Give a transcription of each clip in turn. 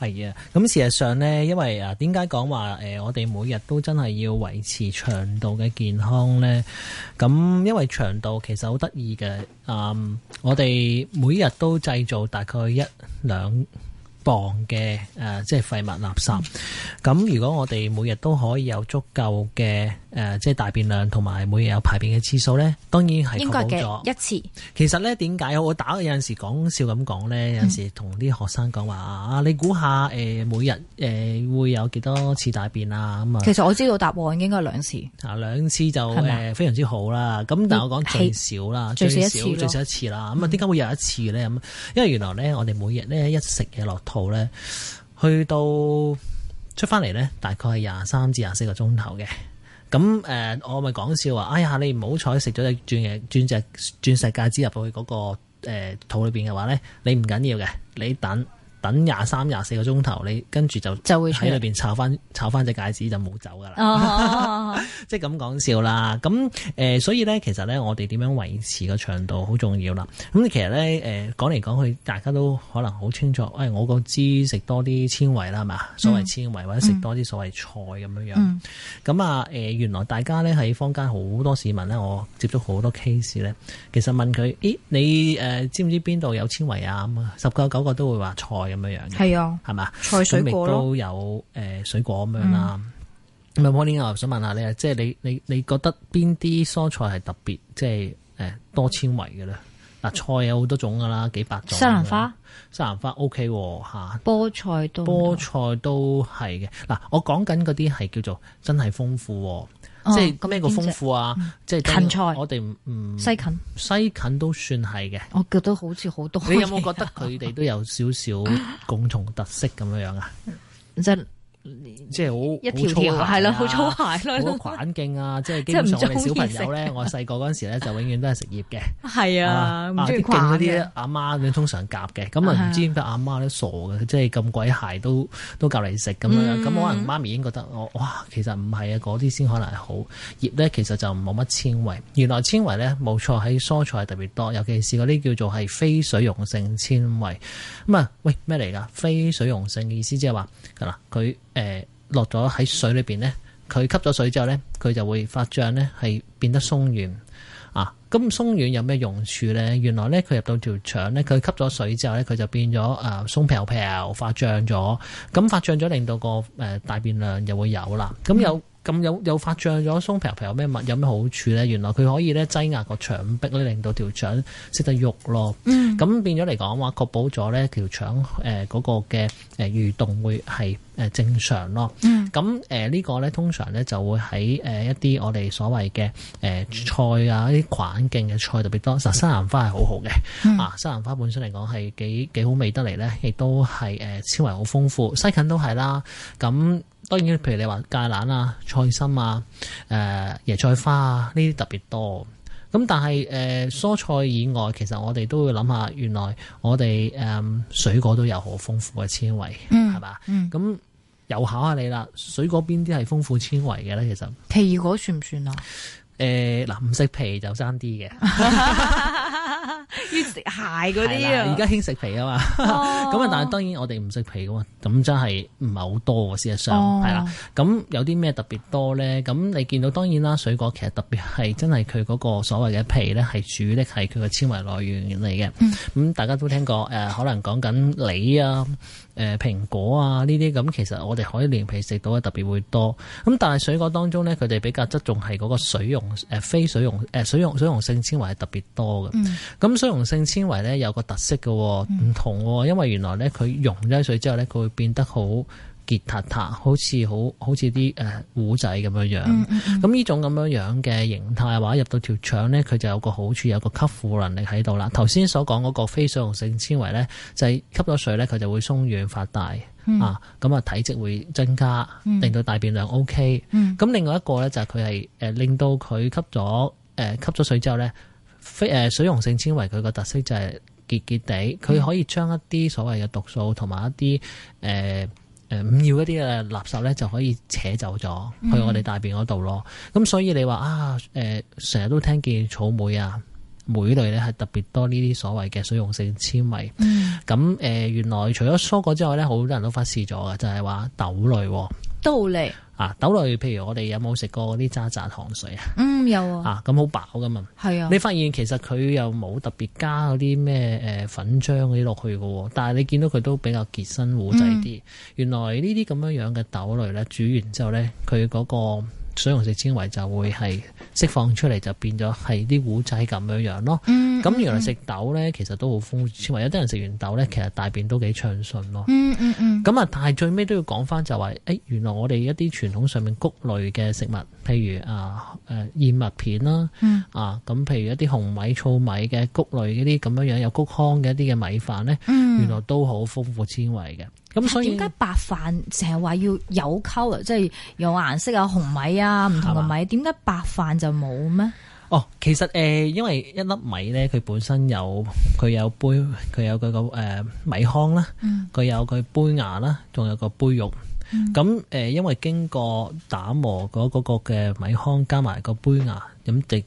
係啊，咁事實上呢，因為啊，點解講話誒，我哋每日都真係要維持腸道嘅健康呢？咁因為腸道其實好得意嘅，啊、嗯，我哋每日都製造大概一兩。嘅誒，即係廢物垃圾。咁如果我哋每日都可以有足夠嘅誒、呃，即係大便量同埋每日有排便嘅次數咧，當然係夠咗，應該嘅，一次。其實咧點解我打有陣時講笑咁講咧，有陣時同啲學生講話啊，你估下誒、呃、每日誒、呃、會有幾多次大便啊？咁、嗯、啊，其實我知道答案應該係兩次啊，兩次就誒嗎、呃、非常之好啦。咁但係我講最少啦，最少最少一次啦。咁啊、嗯，點解會有一次咧？咁因為原來咧，我哋每日咧一食嘢落肚。好咧，去到出翻嚟咧，大概係廿三至廿四個鐘頭嘅。咁誒、呃，我咪講笑話，哎呀，你唔好彩食咗隻鑽石鑽石鑽石戒指入去嗰、那個誒、呃、肚裏邊嘅話咧，你唔緊要嘅，你等。等廿三廿四個鐘頭，你跟住就會喺裏邊炒翻炒翻隻戒指就冇走噶啦， 即係咁講笑啦。咁誒，所以咧，其實咧，我哋點樣維持個腸道好重要啦。咁其實咧，誒講嚟講去，大家都可能好清楚，誒我個知食多啲纖維啦，係嘛？所謂纖維或者食多啲所謂菜咁樣、嗯、樣。咁啊、嗯，誒、呃、原來大家咧喺坊間好多市民咧，我接觸好多 case 咧，其實問佢，咦你誒知唔知邊度有纖維啊？咁啊，十個九個都會話菜。咁樣樣係啊，係嘛？菜水果都有誒，水果咁樣啦。咁啊 Morning，我想問下你啊，即係你你你覺得邊啲蔬菜係特別即係誒多纖維嘅咧？嗱、嗯，菜有好多種噶啦，幾百種。西蘭花，西蘭花 OK 吓，菠菜都菠菜都係嘅。嗱，我講緊嗰啲係叫做真係豐富。即係咩個豐富啊！芹菜，即係我哋唔，西芹，西芹都算係嘅。我覺得好似好多，你有冇覺得佢哋都有少少共同特色咁樣啊？ 即即係好一條條鞋啦，好粗鞋好嗰個環境啊，即係基本上我哋小朋友咧，我細個嗰陣時咧就永遠都係食葉嘅。係啊，咁中勁嗰啲阿媽佢通常夾嘅，咁啊唔知點解阿媽都傻嘅，即係咁鬼鞋都都夾嚟食咁樣。咁可能媽咪已經覺得我哇，其實唔係啊，嗰啲先可能係好葉咧。其實就冇乜纖維。原來纖維咧冇錯喺蔬菜特別多，尤其是嗰啲叫做係非水溶性纖維。咁啊喂咩嚟噶？非水溶性嘅意思即係話嗱佢。誒、呃，落咗喺水裏邊咧，佢吸咗水之後咧，佢就會發脹咧，係變得鬆軟啊咁鬆軟有咩用處咧？原來咧，佢入到條腸咧，佢吸咗水之後咧，佢就變咗啊鬆飄飄，發脹咗。咁發脹咗，令到個誒大便量就會有啦。咁又、嗯。咁有有發漲咗鬆皮皮有咩物有咩好處咧？原來佢可以咧擠壓個腸壁咧，令到條腸食得喐咯。嗯，咁變咗嚟講話確保咗咧條腸誒嗰個嘅誒蠕動會係誒正常咯。嗯，咁誒呢個咧通常咧就會喺誒一啲我哋所謂嘅誒菜啊，一啲菌徑嘅菜特別多，其實西蘭花係好好嘅。啊，西蘭花本身嚟講係幾幾好味得嚟咧，亦都係誒纖維好豐富，西芹都係啦。咁當然，譬如你話芥蘭啊、菜心啊、誒椰菜花啊，呢啲特別多。咁但係誒、呃、蔬菜以外，其實我哋都會諗下，原來我哋誒、呃、水果都有好豐富嘅纖維，係嘛、嗯？咁又考下你啦，水果邊啲係豐富纖維嘅咧？其實奇異果算唔算啊？誒、呃，唔食皮就爭啲嘅。 要食鞋嗰啲啊！而家興食皮啊嘛，咁啊，但係當然我哋唔食皮噶嘛，咁真係唔係好多啊。事實上係啦，咁、oh. 有啲咩特別多咧？咁你見到當然啦，水果其實特別係真係佢嗰個所謂嘅皮咧，係主力係佢個纖維來源嚟嘅。咁、mm. 大家都聽過誒、呃，可能講緊梨啊、誒、呃、蘋果啊呢啲咁，其實我哋可以連皮食到嘅特別會多。咁但係水果當中咧，佢哋比較側重係嗰個水溶誒、呃、非水溶誒水溶水溶，水溶性纖維係特別多嘅。Mm. 咁水溶性纖維咧有個特色嘅，唔同，因為原來咧佢溶咗水之後咧，佢會變得好結塌塌，好似好好似啲誒糊仔咁樣樣。咁呢、嗯嗯、種咁樣樣嘅形態話入到條腸咧，佢就有個好處，有個吸附能力喺度啦。頭先、嗯、所講嗰個非水溶性纖維咧，就係、是、吸咗水咧，佢就會鬆軟發大、嗯、啊，咁啊體積會增加，令到大便量 O、OK、K。咁、嗯嗯嗯、另外一個咧就係佢係誒令到佢吸咗誒吸咗水之後咧。非誒水溶性纖維，佢個特色就係結結地，佢可以將一啲所謂嘅毒素同埋一啲誒誒唔要一啲嘅垃圾咧，就可以扯走咗、嗯、去我哋大便嗰度咯。咁所以你話啊誒，成、呃、日都聽見草莓啊莓類咧係特別多呢啲所謂嘅水溶性纖維。嗯，咁誒、呃、原來除咗蔬果之外咧，好多人都忽視咗嘅就係、是、話豆類，豆類。啊豆類，譬如我哋有冇食過啲渣渣糖水啊？嗯，有啊。啊，咁好飽噶嘛。係啊。你發現其實佢又冇特別加嗰啲咩誒粉漿嗰啲落去噶喎，但係你見到佢都比較結身糊滯啲。嗯、原來呢啲咁樣樣嘅豆類咧，煮完之後咧，佢嗰、嗰個。水溶性纖維就會係釋放出嚟，就變咗係啲糊仔咁樣樣咯。咁、嗯嗯、原來食豆咧，其實都好豐富纖維。有啲人食完豆咧，其實大便都幾暢順咯。咁啊、嗯，嗯嗯、但係最尾都要講翻就話，誒，原來我哋一啲傳統上面谷類嘅食物，譬如，呃呃嗯、啊，誒燕麥片啦，啊咁，譬如一啲紅米、糙米嘅谷類嗰啲咁樣樣，有谷糠嘅一啲嘅米飯咧，嗯嗯嗯、原來都好豐富纖維嘅。咁所以點解白飯成日話要有 color 啊？即係有顏色啊，紅米啊，唔同嘅米。點解嗎白飯就冇咩？哦，其實誒、呃，因為一粒米咧，佢本身有佢有杯，佢有佢個誒米糠啦，佢、嗯、有佢杯芽啦，仲有個杯肉。咁誒、嗯呃，因為經過打磨嗰嗰個嘅米糠加埋個杯芽，咁只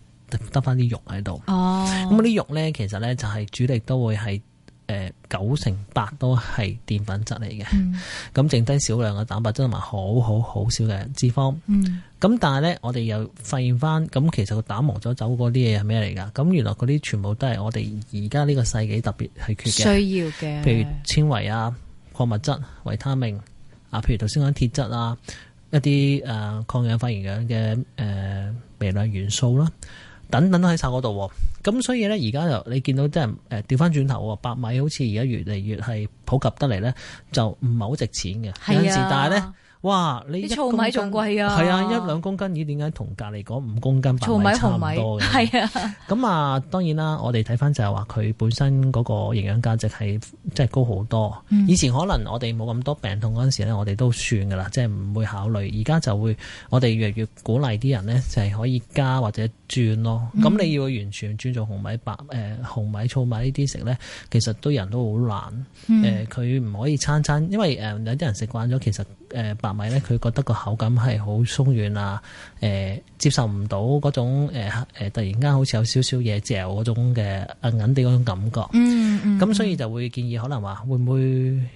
得翻啲肉喺度。哦，咁啲肉咧，其實咧就係、是、主力都會係。誒、呃，九成八都係澱粉質嚟嘅，咁、嗯、剩低少量嘅蛋白質同埋好好好少嘅脂肪。咁、嗯、但係呢，我哋又發現翻，咁其實個打磨咗走嗰啲嘢係咩嚟噶？咁原來嗰啲全部都係我哋而家呢個世紀特別係缺嘅，需要嘅。譬如纖維啊、礦物質、維他命啊，譬如頭先講鐵質啊，一啲誒、呃、抗氧化營養嘅誒微量元素啦。等等都喺晒嗰度，咁所以咧而家就你見到啲人誒調翻轉頭，百米好似而家越嚟越係普及得嚟咧，就唔係好值錢嘅，有陣時，但係咧。哇！你糙米仲貴啊？係啊，一兩公斤咦？點解同隔離嗰五公斤白米差唔多？係啊。咁啊， 當然啦，我哋睇翻就係話佢本身嗰個營養價值係即係高好多。嗯、以前可能我哋冇咁多病痛嗰陣時咧，我哋都算噶啦，即係唔會考慮。而家就會我哋越越鼓勵啲人咧，就係、是、可以加或者轉咯。咁、嗯、你要完全轉做紅米白誒、呃、紅米糙米呢啲食咧，其實都人都好難。誒、呃，佢、呃、唔可以餐餐，因為誒有啲人食慣咗，其實。誒白米咧，佢覺得個口感係好鬆軟啊！誒，接受唔到嗰種誒誒突然間好似有少少嘢嚼嗰種嘅誒韌地嗰種感覺。嗯嗯。咁所以就會建議可能話，會唔會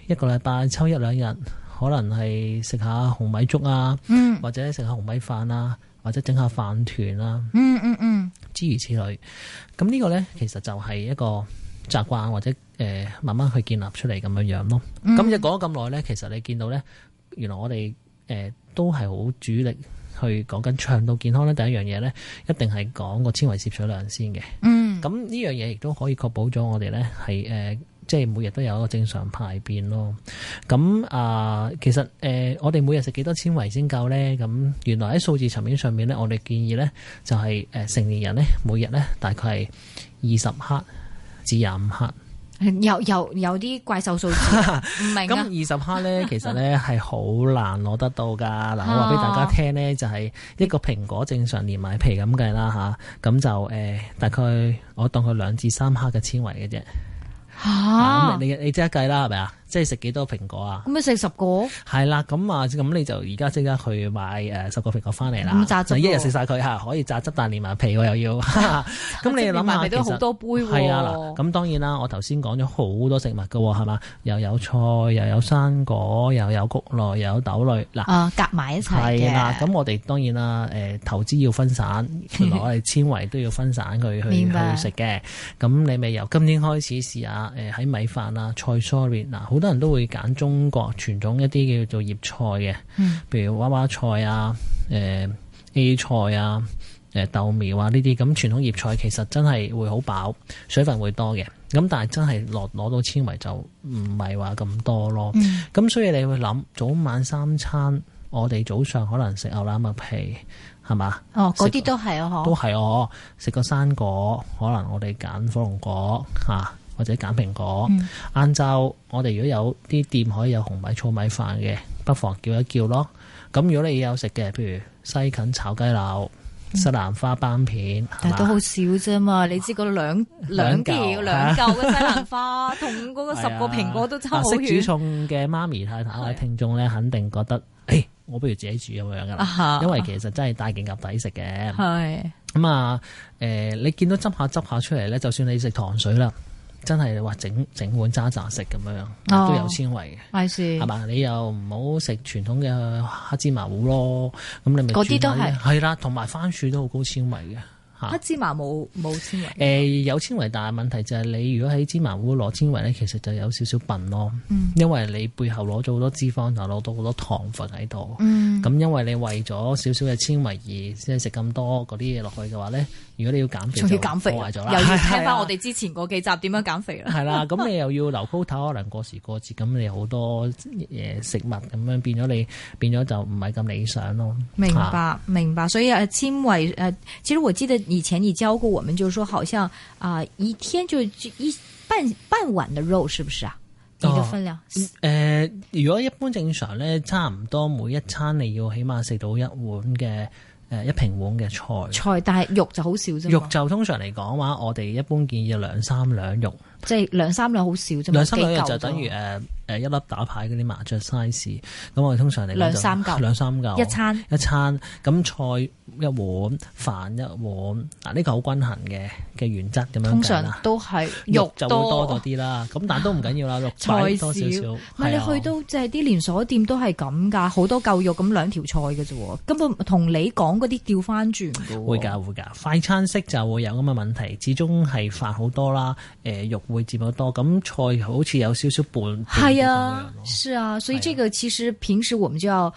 一個禮拜抽一兩日，可能係食下紅米粥啊，或者食下紅米飯啊，或者整下飯團啊，嗯嗯嗯。諸如此類，咁呢個咧其實就係一個習慣，或者誒慢慢去建立出嚟咁樣樣咯。咁又講咗咁耐咧，其實你見到咧。原來我哋誒、呃、都係好主力去講緊腸道健康咧，第一樣嘢咧一定係講個纖維攝取量先嘅。嗯，咁呢樣嘢亦都可以確保咗我哋咧係誒，即係每日都有一個正常排便咯。咁、嗯、啊、呃，其實誒、呃，我哋每日食幾多纖維先夠咧？咁、嗯、原來喺數字層面上面咧，我哋建議咧就係、是、誒、呃，成年人咧每日咧大概係二十克至廿五克。有有有啲怪獸數字唔 明啊，咁二十克咧，其實咧係好難攞得到噶。嗱， 我話俾大家聽咧，就係、是、一個蘋果正常連埋皮咁計啦吓，咁、啊、就誒、呃、大概我當佢兩至三克嘅纖維嘅啫。吓、 啊，你你即刻計啦，係咪啊？即係食幾多蘋果啊？咁你食十個？係啦，咁啊咁你就而家即刻去買誒、呃、十個蘋果翻嚟啦，就一日食晒佢嚇，可以榨汁，但連埋皮喎又要。咁、啊、 你諗下，都好多杯其實係啊嗱，咁當然啦，我頭先講咗好多食物噶係嘛，又有菜，又有生果，又有穀類，又有豆類嗱，夾埋一齊嘅。係啦，咁、啊、我哋當然啦誒、欸、投資要分散，我哋 纖維都要分散佢去去，白去食嘅。咁你咪由今天開始試下誒喺米飯啊、菜蔬嗱。好多人都會揀中國傳統一啲叫做葉菜嘅，譬、嗯、如娃娃菜啊、誒、呃、A 菜啊、誒、呃、豆苗啊呢啲咁傳統葉菜，其實真係會好飽，水分會多嘅。咁但係真係攞攞到纖維就唔係話咁多咯。咁、嗯、所以你會諗，早晚三餐，我哋早上可能食牛腩麥皮，係嘛？哦，嗰啲都係哦、啊，食都係哦、啊，食、啊、個生果，可能我哋揀火龍果嚇，啊或者揀蘋果，晏晝我哋如果有啲店可以有紅米糙米飯嘅，不妨叫一叫咯。咁如果你有食嘅，譬如西芹炒雞柳、西蘭花斑片，但係都好少啫嘛。你知嗰兩兩條兩嚿嘅西蘭花，同嗰個十個蘋果都差好遠。識煮餸嘅媽咪太太，聽眾咧肯定覺得，哎，我不如自己煮咁樣㗎啦，因為其實真係大件夾抵食嘅。係咁啊，誒，你見到執下執下出嚟咧，就算你食糖水啦。真係你話整整碗渣渣食咁樣都有纖維嘅，係嘛，哦？你又唔好食傳統嘅黑芝麻糊咯，咁你咪嗰啲都係係啦，同埋番薯都好高纖維嘅。黑芝麻冇冇纖維？誒、呃，有纖維，但係問題就係你如果喺芝麻糊攞纖維咧，其實就有少少笨咯。嗯、因為你背後攞咗好多脂肪，又攞到好多糖分喺度。嗯，咁因為你為咗少少嘅纖維而先食咁多嗰啲嘢落去嘅話咧。如果你要減肥，減肥就破壞咗啦，又要聽翻我哋之前嗰幾集點樣減肥啦。係啦，咁、啊嗯啊、你又要留高頭， 可能過時過節，咁你好多誒食物咁樣變咗，你變咗就唔係咁理想咯。明白，明白。所以誒纖維誒，其實我記得以前你教過我們，就說好像啊，一天就就一半半碗嘅肉，是不是啊？你的分量？誒、哦呃，如果一般正常咧，差唔多每一餐你要起碼食到一碗嘅。誒一平碗嘅菜菜，但係肉就好少啫。肉就通常嚟講話，我哋一般建議兩三兩肉。.即係兩三兩好少啫，兩三兩就等於誒誒一粒打牌嗰啲麻雀 size。咁我哋通常嚟就兩三嚿，兩三嚿一餐一餐，咁菜一碗，飯一碗。嗱、啊、呢、這個好均衡嘅嘅原則咁樣。通常都係肉，肉就會多咗啲啦。咁但係都唔緊要啦，肉 菜善多少少。係你去到即係啲連鎖店都係咁噶，好多嚿肉咁兩條菜嘅啫。根本同你講嗰啲調翻轉嘅。會噶會噶，快餐式就會有咁嘅問題，始終係飯好多啦，誒、呃、肉。會佔得多，咁菜好似有少少半。係啊，是啊，所以這個其實平時我們就要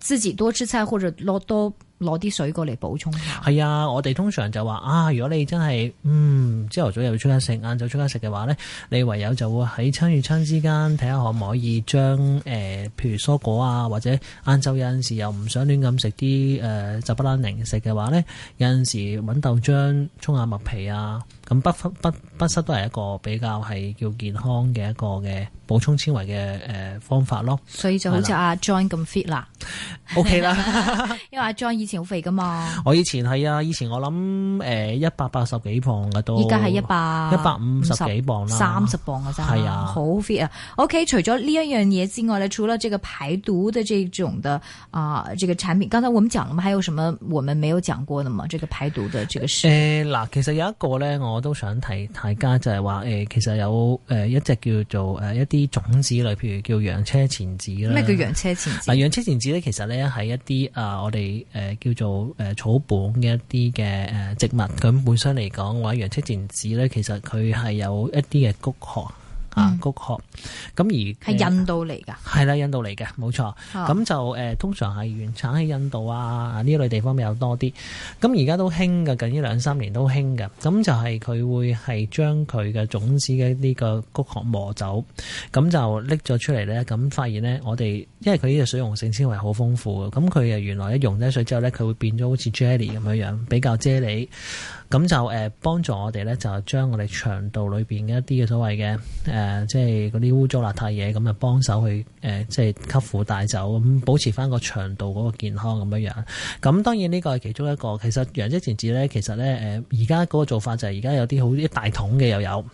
自己多吃菜或者攞多，攞啲水果嚟補充下。係啊，我哋通常就話啊，如果你真係嗯朝頭早又要出街食，晏晝出街食嘅話咧，你唯有就會喺餐與餐之間睇下可唔可以將誒、呃，譬如蔬果啊，或者晏晝有陣時又唔想亂咁食啲誒雜不拉零食嘅話咧，有陣時揾豆漿沖下麥皮啊，咁不不不不失都係一個比較係叫健康嘅一個嘅補充纖維嘅誒方法咯。所以就好似阿 John 咁 fit 啦，OK 啦了， 因為阿 John。以前好肥噶嘛？我以前係啊，以前我諗誒一百八十幾磅嘅都，而家係一百一百五十幾磅啦，三十磅嘅啫，係啊好肥啊。OK，除咗呢一樣嘢之外咧，除了這個排毒嘅呢種嘅啊，這個產品，剛才我們講咗嘛，還有什麼我們沒有講過的嘛？這個排毒嘅，這個事誒，嗱、呃，其實有一個咧，我都想提大家就係、是、話誒，其實有誒一隻叫做誒一啲種子類，譬如叫洋車前子啦。咩叫洋車前子？嗱、嗯，洋車前子咧，其實咧係一啲啊，我哋誒。叫做誒草本嘅一啲嘅誒植物，咁、嗯、本身嚟講，或話洋車前子咧，其實佢係有一啲嘅穀殼。啊，谷殼、嗯，咁而係印度嚟噶，係啦，印度嚟嘅，冇錯。咁、哦、就誒、呃，通常係原產喺印度啊呢類地方比較多啲。咁而家都興嘅，近呢兩三年都興嘅。咁就係佢會係將佢嘅種子嘅呢個谷殼磨走，咁就拎咗出嚟咧。咁、呃、發現咧，我哋因為佢呢個水溶性纖維好豐富嘅，咁佢誒原來一溶咗水之後咧，佢會變咗好似 jelly 咁樣樣，比較啫喱。咁就誒幫、呃、助我哋咧，就將我哋腸道裏邊嘅一啲嘅所謂嘅誒。呃誒，即係嗰啲污糟邋遢嘢，咁啊幫手去誒，即係吸附帶走，咁保持翻個腸道嗰個健康咁樣樣。咁當然呢個係其中一個，其實洋車前子咧，其實咧誒，而家嗰個做法就係而家有啲好一大桶嘅又有。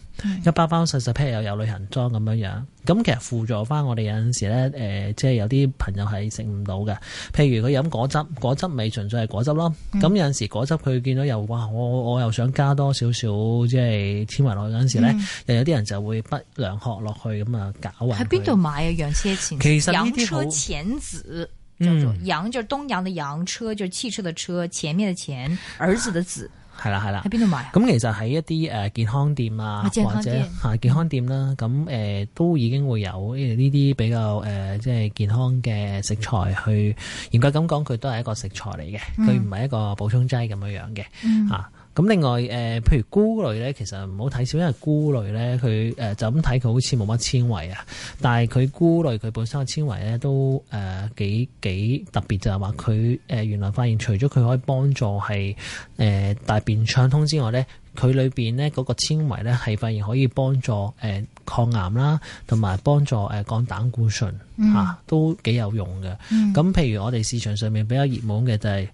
一包包細細 pack 又有旅行裝咁樣樣，咁其實輔助翻我哋有陣時咧，誒，即係有啲朋友係食唔到嘅，譬如佢飲果汁，果汁味純粹係果汁咯。咁、嗯、有陣時果汁佢見到又哇，我我又想加多少少即係添埋落去嗰陣時咧，又、嗯、有啲人就會不良喝落去咁啊，搞啊。喺邊度買啊？洋車前洋車前子，叫做洋就是、東洋的洋車，車就是、汽車嘅車，前面的前，兒子嘅子。係啦係啦，喺邊度買？咁其實喺一啲誒健康店啊，或者嚇健康店啦，咁誒、嗯呃、都已經會有呢啲比較誒，即、呃、係健康嘅食材去嚴格咁講，佢都係一個食材嚟嘅，佢唔係一個補充劑咁樣的樣嘅嚇。嗯啊咁另外，誒、呃，譬如菇類咧，其實唔好睇少，因為菇類咧，佢、呃、誒就咁睇佢好似冇乜纖維啊，但係佢菇類佢本身嘅纖維咧都誒幾幾特別，就係話佢誒原來發現除咗佢可以幫助係誒、呃、大便暢通之外咧，佢裏邊咧嗰個纖維咧係發現可以幫助誒、呃、抗癌啦，同埋幫助誒、呃、降膽固醇嚇、啊，都幾有用嘅。咁、嗯、譬如我哋市場上面比較熱門嘅就係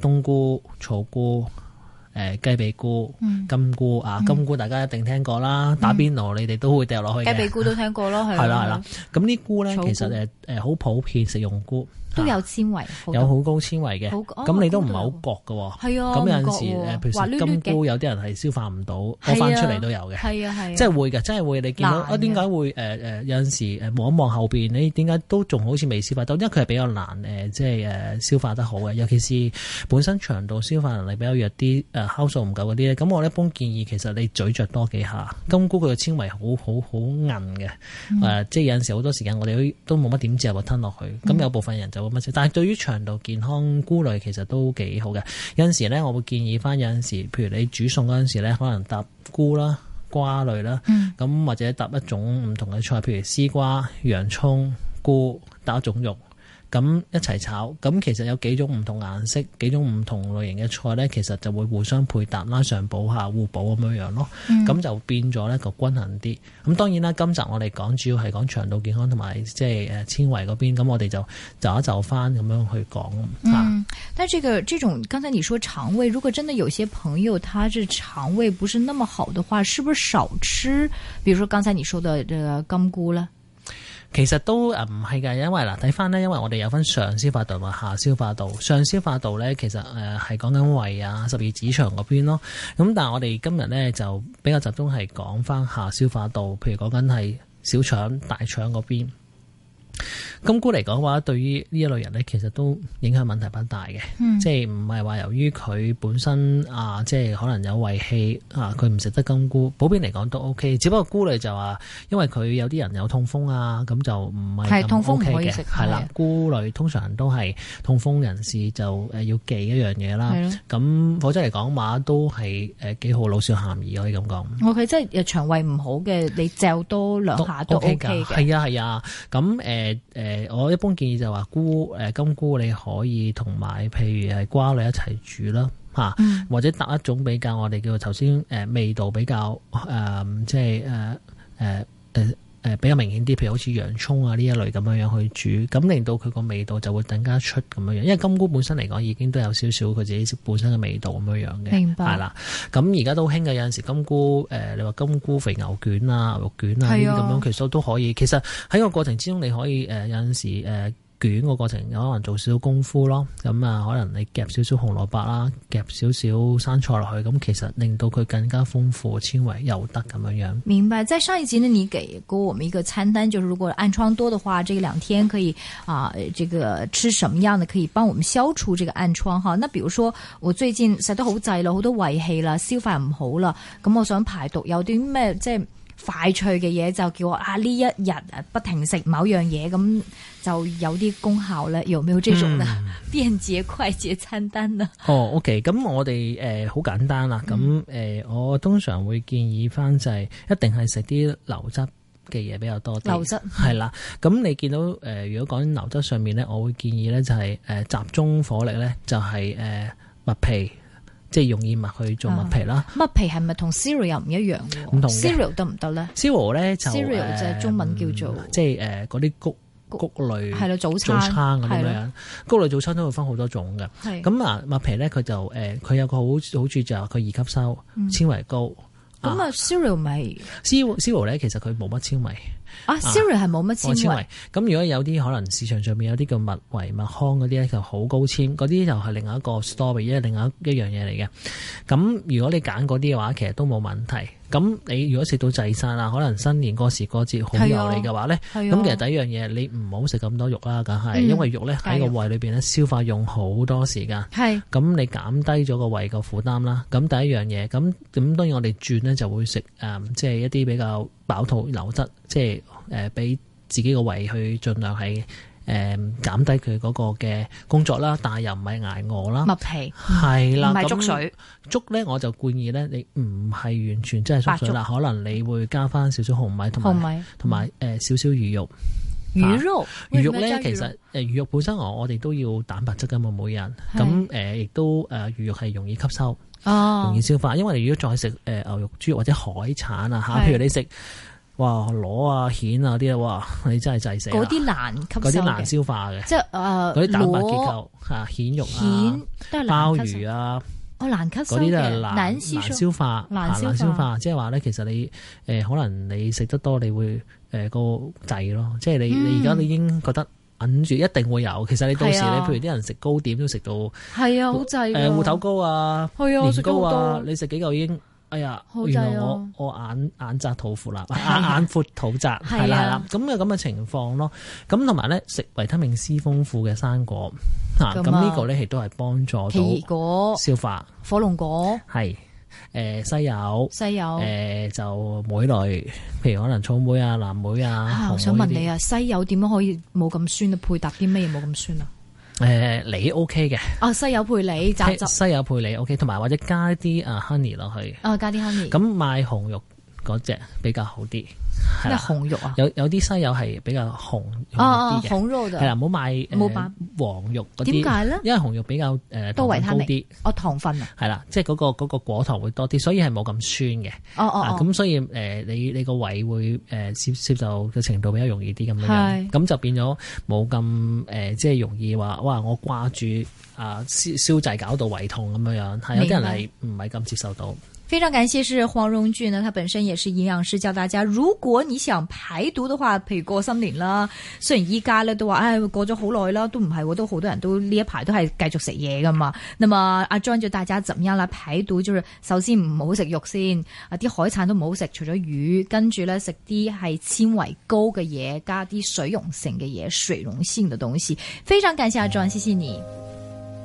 冬菇、草菇。誒、欸、雞髀菇、嗯、金菇啊，嗯、金菇大家一定聽過啦。嗯、打邊爐你哋都會掉落去嘅。雞髀菇都聽過咯，係啦、啊，係啦。咁、嗯嗯、呢草菇咧，其實誒誒好普遍食用菇。都有纖維，有好高纖維嘅，咁、哦、你都唔係好覺嘅喎。哦、高高啊，咁有陣時誒，譬如金菇，有啲人係消化唔到，屙、啊、翻出嚟都有嘅。係啊，係、啊，即係會嘅，即係會。你見到的啊，點解會誒誒、呃、有陣時誒望一望後邊，你點解都仲好似未消化到？因為佢係比較難誒、呃，即係誒、呃、消化得好嘅，尤其是本身腸道消化能力比較弱啲，誒、呃、酵素唔夠嗰啲咧。咁我一般建議，其實你咀嚼多幾下，金菇佢嘅纖維好好好韌嘅，誒、呃、即係有陣時好多時間我哋都冇乜點嚼或吞落去。咁、嗯嗯、有部分人就。但係對於腸道健康菇類其實都幾好嘅，有陣時咧我會建議翻，有陣時譬如你煮餸嗰陣時咧，可能搭菇啦、瓜類啦，嗯、咁、或者搭一種唔同嘅菜，譬如絲瓜、洋葱、菇搭一種肉。咁一齊炒，咁其實有幾種唔同顏色、幾種唔同類型嘅菜呢，其實就會互相配搭啦、上補下互補咁樣、嗯、樣咯。咁就變咗一個均衡啲。咁當然啦，今集我哋講主要係講腸道健康同埋即係誒纖維嗰邊，咁我哋就就一就翻咁樣去講。但係、這個這種，剛才你說腸胃，如果真的有些朋友，他嘅腸胃不是那麼好的話，是不是少吃？比如說，剛才你說的這個金菇啦。其實都誒唔係噶，因為嗱睇翻咧，因為我哋有分上消化道同埋下消化道。上消化道咧，其實誒係講緊胃啊、呃、十二指腸嗰邊咯。咁但係我哋今日咧就比較集中係講翻下消化道，譬如講緊係小腸、大腸嗰邊。金菇嚟講話，對於呢一類人咧，其實都影響問題不大嘅，嗯、即係唔係話由於佢本身啊，即係可能有胃氣啊，佢唔食得金菇。普遍嚟講都 OK，只不過菇類就話，因為佢有啲人有痛風啊，咁就唔係咁 OK 嘅，係、嗯、啦。菇類、嗯、通常都係痛風人士就誒要忌一樣嘢啦，咁否則嚟講話都係誒幾好老少咸宜可以咁講。O、OK,K，即係腸胃唔好嘅，你嚼多兩下都 OK 嘅。係啊係啊，咁、啊、誒。嗯嗯嗯誒、呃，我一般建議就係話菇，誒、呃、金菇你可以同埋，譬如係瓜類一齊煮啦，吓、啊，嗯、或者搭一種比較，我哋叫頭先，誒、呃、味道比較，誒、呃、即係，誒、呃，誒、呃，誒。誒、呃、比較明顯啲，譬如好似洋葱啊呢一類咁樣樣去煮，咁令到佢個味道就會更加出咁樣樣，因為金菇本身嚟講已經都有少少佢自己本身嘅味道咁樣樣嘅。明白。係啦，咁而家都好興嘅有陣時金菇，誒、呃、你話金菇肥牛卷啊、牛肉卷啊呢啲咁樣，其實都可以。其實喺個過程之中，你可以誒、呃、有陣時誒。呃捲個過程可能做少少功夫咯，咁啊可能你夾少少紅蘿卜啦，夾少少生菜落去，咁其實令到佢更加豐富，纖維又得咁樣樣。明白，在上一集呢，你給過我們一個餐單，就是如果暗瘡多的話，這兩天可以啊、呃，這個吃什麼樣的可以幫我們消除這個暗瘡？哈，那比如說我最近食得好滯啦，好多胃氣啦，消化唔好啦，咁我想排毒有，有啲咩即係？快脆嘅嘢，就叫我啊，呢一日啊不停食某樣嘢咁就有啲功效咧，有冇呢種咧？便捷快捷餐單啊？嗯、哦，OK，咁我哋誒，好簡單啦，咁誒、呃、我通常會建議翻就係、是、一定係食啲流質嘅嘢比較多啲。流質係啦，咁的你見到誒、呃、如果講流質上面咧，我會建議咧就係、是、誒、呃、集中火力咧就係誒麥皮。即係用燕麥去做麥皮啦。麥皮係咪同 cereal 又唔一樣？唔同 cereal 得唔得咧？cereal 咧就 cereal 就係中文叫做即係誒嗰啲穀穀類係啦，早餐，早餐嗰啲穀類早餐都會分好多種嘅。咁啊麥皮咧，佢就誒佢有個好好處就係佢易吸收，纖維高。咁啊 cereal 咪 cereal cereal 咧，其實佢冇乜纖維。啊，Siri 係冇乜纖維，咁、啊、如果有啲可能市場上面有啲叫麥維麥康嗰啲咧，嗯、就好高纖，嗰啲就係另外一個 story，即係另外一樣嘢嚟嘅。咁如果你揀嗰啲嘅話，其實都冇問題。咁你如果食到滯晒啦，可能新年過時過節好油膩嘅話咧，咁其實第一樣嘢你唔好食咁多肉啦，梗係，因為肉咧喺個胃裏邊咧消化用好多時間，咁、嗯、你減低咗個胃個負擔啦。咁第一樣嘢，咁咁當然我哋轉咧就會食誒、嗯，即係一啲比較飽肚流質，即係誒俾自己個胃去儘量係。誒，減低佢嗰個嘅工作啦，但係又唔係挨餓啦，麥皮係啦，唔係粥水，粥咧我就建議咧，你唔係完全真係粥水，啦，可能你會加翻少少紅米同埋同埋誒少少魚肉，魚肉魚肉咧其實誒魚肉本身我哋都要蛋白質噶嘛，每人咁誒亦都誒魚肉係容易吸收，哦，容易消化，因為你如果再食誒牛肉、豬肉或者海產啊吓，譬如你食。哇，螺啊、蜆啊啲啊，哇，你真係制死嗰啲難吸啲難消化嘅，即係誒嗰啲蛋白結構嚇，蜆肉啊，鮑魚啊，我難吸收嘅，難消、難消化、難消化。即係話咧，其實你誒可能你食得多，你會誒個滯咯。即係你你而家你已經覺得揞住一定會有。其實你到時咧，譬如啲人食糕點都食到，係啊，好滯。誒芋頭糕啊，係啊，我食好你食幾嚿已經？哎呀，原來我我眼眼窄肚闊啦，眼眼闊肚窄，係啦係啦，咁嘅咁嘅情況咯。咁同埋咧食維他命 C 豐富嘅生果，嗱，咁呢個咧亦都係幫助到消化。火龍果係，誒西柚，西柚誒就莓類，譬如可能草莓啊、藍莓啊。我想問你啊，西柚點樣可以冇咁酸？配搭啲咩嘢冇咁酸啊？誒、呃、你 OK 嘅，哦，西柚配梨，乏乏乏西柚配梨 OK，同埋或者加啲啊 honey 落去，哦，加啲 honey，咁買紅肉。嗰隻比較好啲，係啊紅肉啊，有有啲西柚係比較紅啲嘅，係啦，唔好買誒黃肉嗰啲。點解咧？因為紅肉比較誒糖分高啲，哦糖分啊，係啦，即係嗰個嗰個果糖會多啲，所以係冇咁酸嘅。哦哦，咁所以誒你你個胃會誒接接受嘅程度比較容易啲咁樣，係咁就變咗冇咁誒，即係容易話哇我掛住啊消消滯搞到胃痛咁樣樣，係有啲人係唔係咁接受到。非常感謝是黃榮俊呢，他本身也是營養師，教大家如果你想排毒的話，譬如過新年啦，雖然依家呢都話，唉過咗好耐啦，都唔係喎，都好多人都呢一排都係繼續食嘢噶嘛。那麼阿 John 就大家怎樣啦，排毒就首先唔好食肉先，啊啲海產都唔好食，除咗魚，跟住咧食啲係纖維高嘅嘢，加啲水溶性嘅嘢，水溶性嘅東西。非常感謝阿 John，嗯，謝謝你。